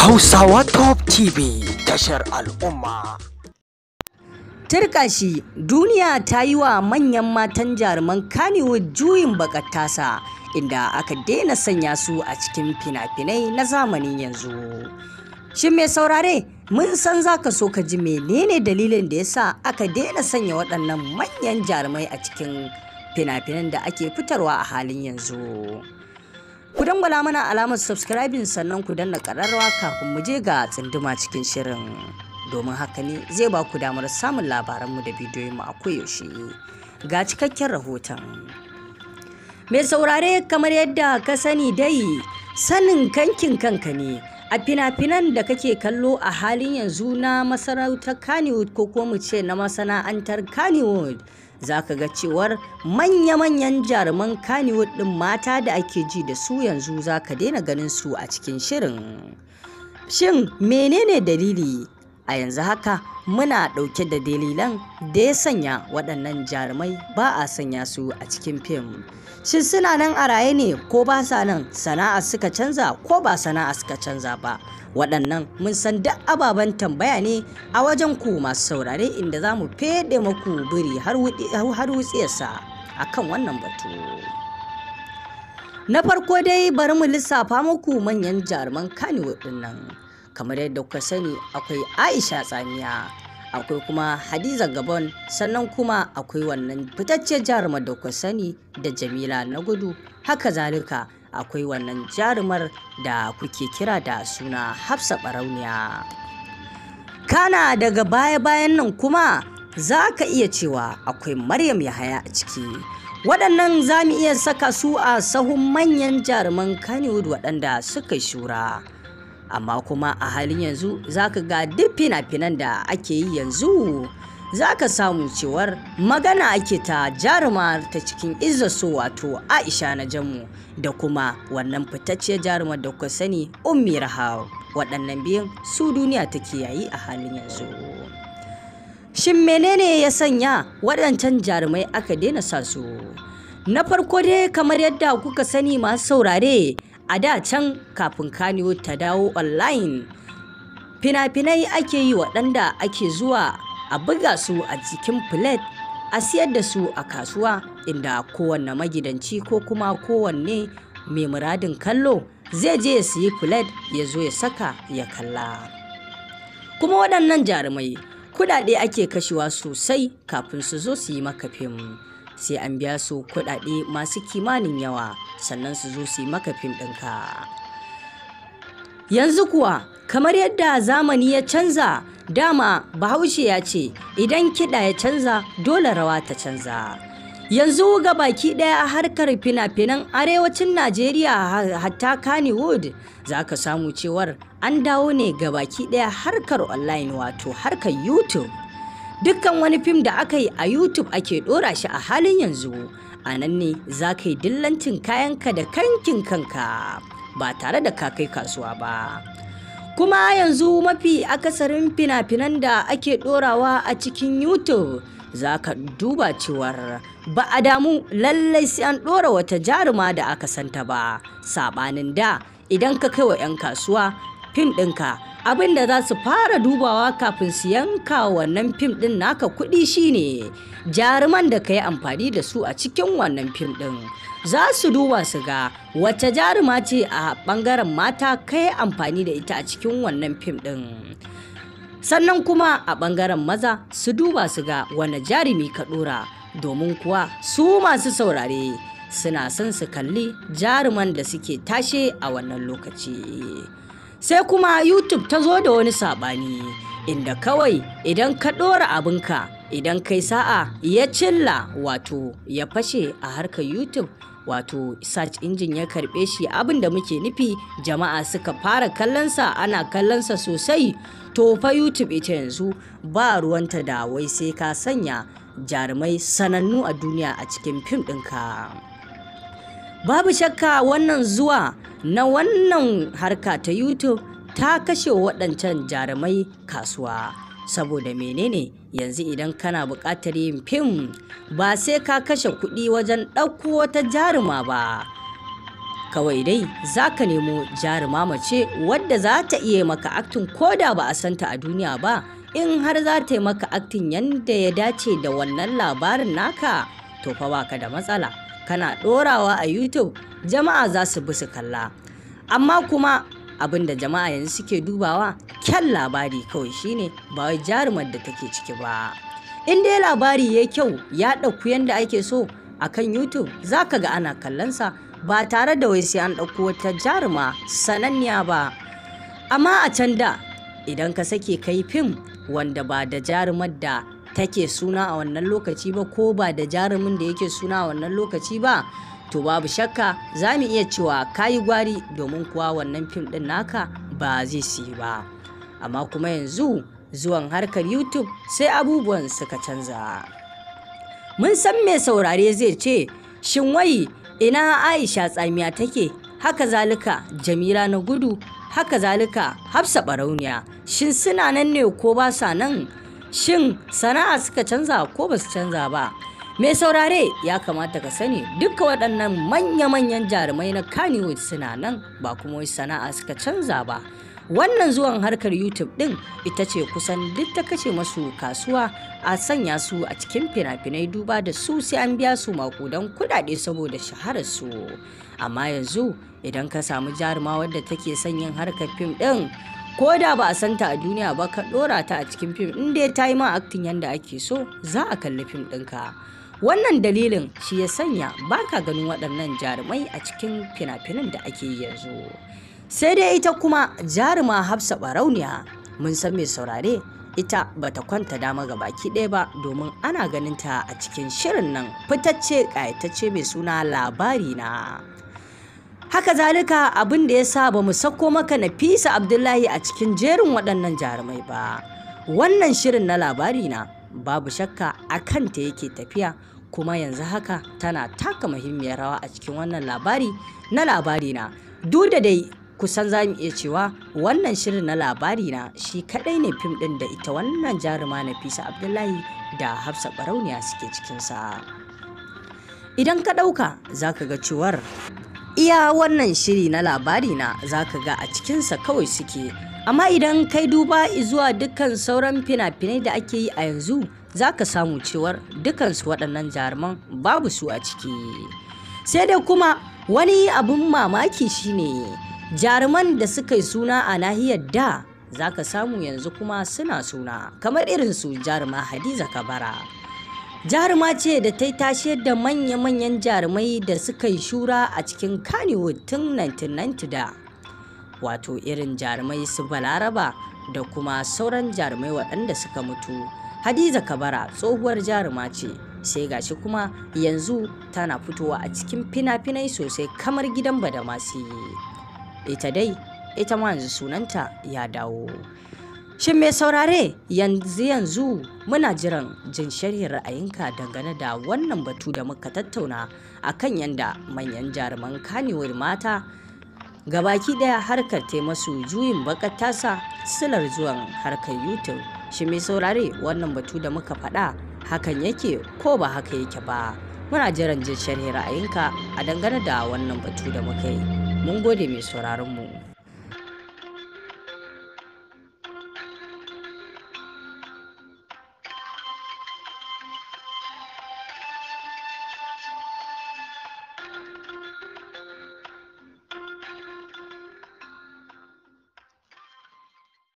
Hausawa Top TV tashar al'umma. Turkashi duniya ta yi wa manyan matan jaruman Kannywood juyin bakatasa inda aka daina sanya su a cikin fina-finai na zamanin yanzu. Shin mai saurare mun san za ka so ka ji menene dalilin da ya sa aka daina sanya waɗannan manyan jarumai a cikin fina-finan da ake fitarwa a halin yanzu. Ku dangwala mana alamar subscribing sannan ku danna ƙararrawa kafin mu je ga tsunduma cikin shirin. Domin haka ne zai ba ku damar samun labaran mu da mu a koyaushe. Ga cikakken rahoton. Mai saurare kamar yadda ka sani dai sanin kankin kanka ne a fina-finan da kake kallo a halin yanzu na masarautar Kannywood ko kuma mu ce na masana'antar Kannywood za ka ga cewar manya-manyan jaruman kaniwood ɗin mata da ake ji da su yanzu za ka daina ganin su a cikin shirin shin menene dalili a yanzu haka muna ɗauke da dalilan da ya sanya waɗannan jarumai ba a sanya su a cikin fim shin suna nan a raye ne ko ba sa nan sana'a suka canza ko ba sana'a suka canza ba waɗannan mun san duk ababen tambaya ne a wajen ku masu saurare inda za mu fede maku biri har wutsiyarsa a kan wannan batu na farko dai bari mu lissafa muku manyan jaruman kanewa ɗin kamar yadda kuka sani akwai aisha tsamiya akwai kuma hadiza gabon sannan kuma akwai wannan fitacce jarumar da kuka sani da jamila na gudu haka zalika akwai wannan jarumar da kuke kira da suna hafsa barauniya kana daga baya-bayan nan kuma za ka iya cewa akwai maryam yahaya a ciki waɗannan za mu iya saka su a sahun manyan jaruman kanewood waɗanda suka shura amma kuma a halin yanzu za ka ga duk fina-finan da ake yi yanzu Za ka samu cewar magana ake ta jaruma ta cikin izaso wato aisha na jamu da kuma wannan fitacciyar jaruma da kuka sani ummi rahau waɗannan biyan su duniya ta yayi a halin yanzu shin menene ya sanya waɗancan jarumai aka daina sa su na farko dai kamar yadda kuka sani masu saurare a da can kafin kaniyo ta dawo online fina-finai ake yi waɗanda ake zuwa a buga su a cikin plate a siyar da su a kasuwa inda kowanne magidanci ko kuma kowanne mai muradin kallo zai je ya siyi plate ya zo ya saka ya kalla kuma waɗannan jarumai kudade ake kashewa sosai kafin su zo su yi maka sai an biya su kuɗaɗe masu kimanin yawa sannan su zo su yi maka fim ɗinka yanzu kuwa kamar yadda zamani ya canza dama bahaushe ya ce idan kiɗa ya canza dole rawa ta canza yanzu ga baki ɗaya a harkar fina-finan arewacin najeriya hatta kannywood za ka samu cewar an dawo ne ga baki ɗaya harkar online wato harkar youtube Dukkan wani fim da aka yi a YouTube ake ɗora shi a halin yanzu, a nan ne za ka yi dillancin kayanka da kankin kanka ba tare da ka kai kasuwa ba. Kuma yanzu mafi akasarin fina-finan da ake ɗorawa a cikin YouTube za ka duba cewar ba a damu lallai sai an ɗora wata jaruma da aka santa ba, saɓanin da idan ka kai wa 'yan kasuwa fim ɗinka abin da za su fara dubawa kafin su yanka wannan fim ɗin naka kuɗi shine jaruman da ka yi amfani da su a cikin wannan fim ɗin za su duba su ga wacce jaruma ce a ɓangaren mata ka yi amfani da ita a cikin wannan fim ɗin sannan kuma a ɓangaren maza su duba su ga wane jarumi ka ɗora domin kuwa su masu saurare suna son su kalli jaruman da suke tashe a wannan lokaci. sai kuma youtube ta zo da wani saɓani inda kawai idan ka ɗora abinka idan kai sa'a ya cilla wato ya fashe a harkar youtube wato search engine ya karɓe shi abin da muke nufi jama'a suka fara kallonsa ana kallonsa sosai to fa youtube ita yanzu ba ruwanta da wai sai ka sanya jarumai sanannu a duniya a cikin fim ɗinka. babu shakka wannan zuwa na wannan harka ta YouTube ta kashe waɗancan jarumai kasuwa. Saboda menene yanzu idan kana buƙatar yin fim ba sai ka kashe kuɗi wajen ɗauko wata jaruma ba. Kawai dai za ka nemo jaruma mace wadda za ta iya maka aktin da ba a santa a duniya ba in har za ta yi maka aktin yadda ya dace da wannan labarin naka to fa baka da matsala. kana ɗorawa a youtube jama'a za su bi su kalla amma kuma abin da jama'a yanzu suke dubawa kyan labari kawai shine ba wai jarumar da take ciki ba in dai labari ya kyau ya ɗauku yadda ake so a kan youtube za ka ga ana kallonsa ba tare da wai sai an ɗauko wata jaruma sananniya ba amma a can da idan ka sake kai fim wanda ba da jarumar da take suna a wannan lokaci ba ko ba da jarumin da yake suna a wannan lokaci ba to babu shakka za mu iya cewa kayi gwari domin kuwa wannan fim ɗin naka ba zai siyi ba amma kuma yanzu zuwan harkar youtube sai abubuwan suka canza mun san mai saurare zai ce shin wai ina aisha tsamiya take haka zalika jamila na gudu haka zalika hafsa barauniya shin suna nan ne ko ba sa nan shin sana'a suka canza ko ba su canza ba mai saurare ya kamata ka sani duka waɗannan manya-manyan jarumai na kannywood suna nan ba kuma wai sana'a suka canza ba wannan zuwan harkar youtube ɗin ita ce kusan duk ta kashe masu kasuwa a sanya su a cikin fina-finai duba da su sai an biya su makudan kuɗaɗe saboda shaharar su amma yanzu idan ka samu jaruma wadda take son yin harkar fim ɗin ko da ba a santa a duniya ba ka ɗora ta a cikin fim in dai ta yi ma aktin yadda ake so za a kalli fim ɗinka wannan dalilin shi ya sanya ba ka ganin waɗannan jarumai a cikin fina-finan da ake yi yanzu sai dai ita kuma jaruma hafsa barauniya mun san mai saurare ita ba ta kwanta dama ga baki ɗaya ba domin ana ganin ta a cikin shirin nan fitacce ƙayatacce mai suna labari na haka zalika abin da ya sa ba mu sako maka nafisa abdullahi a cikin jerin waɗannan jarumai ba wannan shirin na labari na babu shakka a kanta yake tafiya kuma yanzu haka tana taka muhimmiyar rawa a cikin wannan labari na labari na duk da dai kusan za mu iya cewa wannan shirin na labari na shi kadai ne fim ɗin da ita wannan jaruma nafisa abdullahi da hafsa barauniya suke cikinsa idan ka ɗauka za ka ga cewar iya wannan shiri na labari na zaka ga a cikinsa kawai suke amma idan kai duba zuwa dukkan sauran fina-finai da ake yi a yanzu za ka samu cewar dukansu waɗannan jaruman babu su a ciki sai dai kuma wani abin mamaki shine jaruman da suka yi suna a nahiyar da za ka samu yanzu kuma suna suna kamar irin su jaruma hadiza kabara jaruma ce da ta yi tashe da manya-manyan jarumai da suka yi shura a cikin kannywood tun 1990 da wato irin jarumai su balaraba da kuma sauran jarumai waɗanda suka mutu hadiza kabara tsohuwar jaruma ce sai gashi kuma yanzu tana fitowa a cikin fina-finai sosai kamar gidan badamasi ita dai ita ma yanzu sunanta ya dawo Shin mai saurare yanzu yanzu muna jiran jin sharhin ra'ayinka dangane da wannan batu da muka tattauna a kan yadda manyan jaruman kanewar mata gabaki daya harkar masu juyin bakar tasa silar zuwan harkar youtube shi mai saurare wannan batu da muka faɗa hakan yake ko ba haka yake ba muna jiran jin sharhin ra'ayinka a dangane da wannan batu da muka yi mun gode mai sauraronmu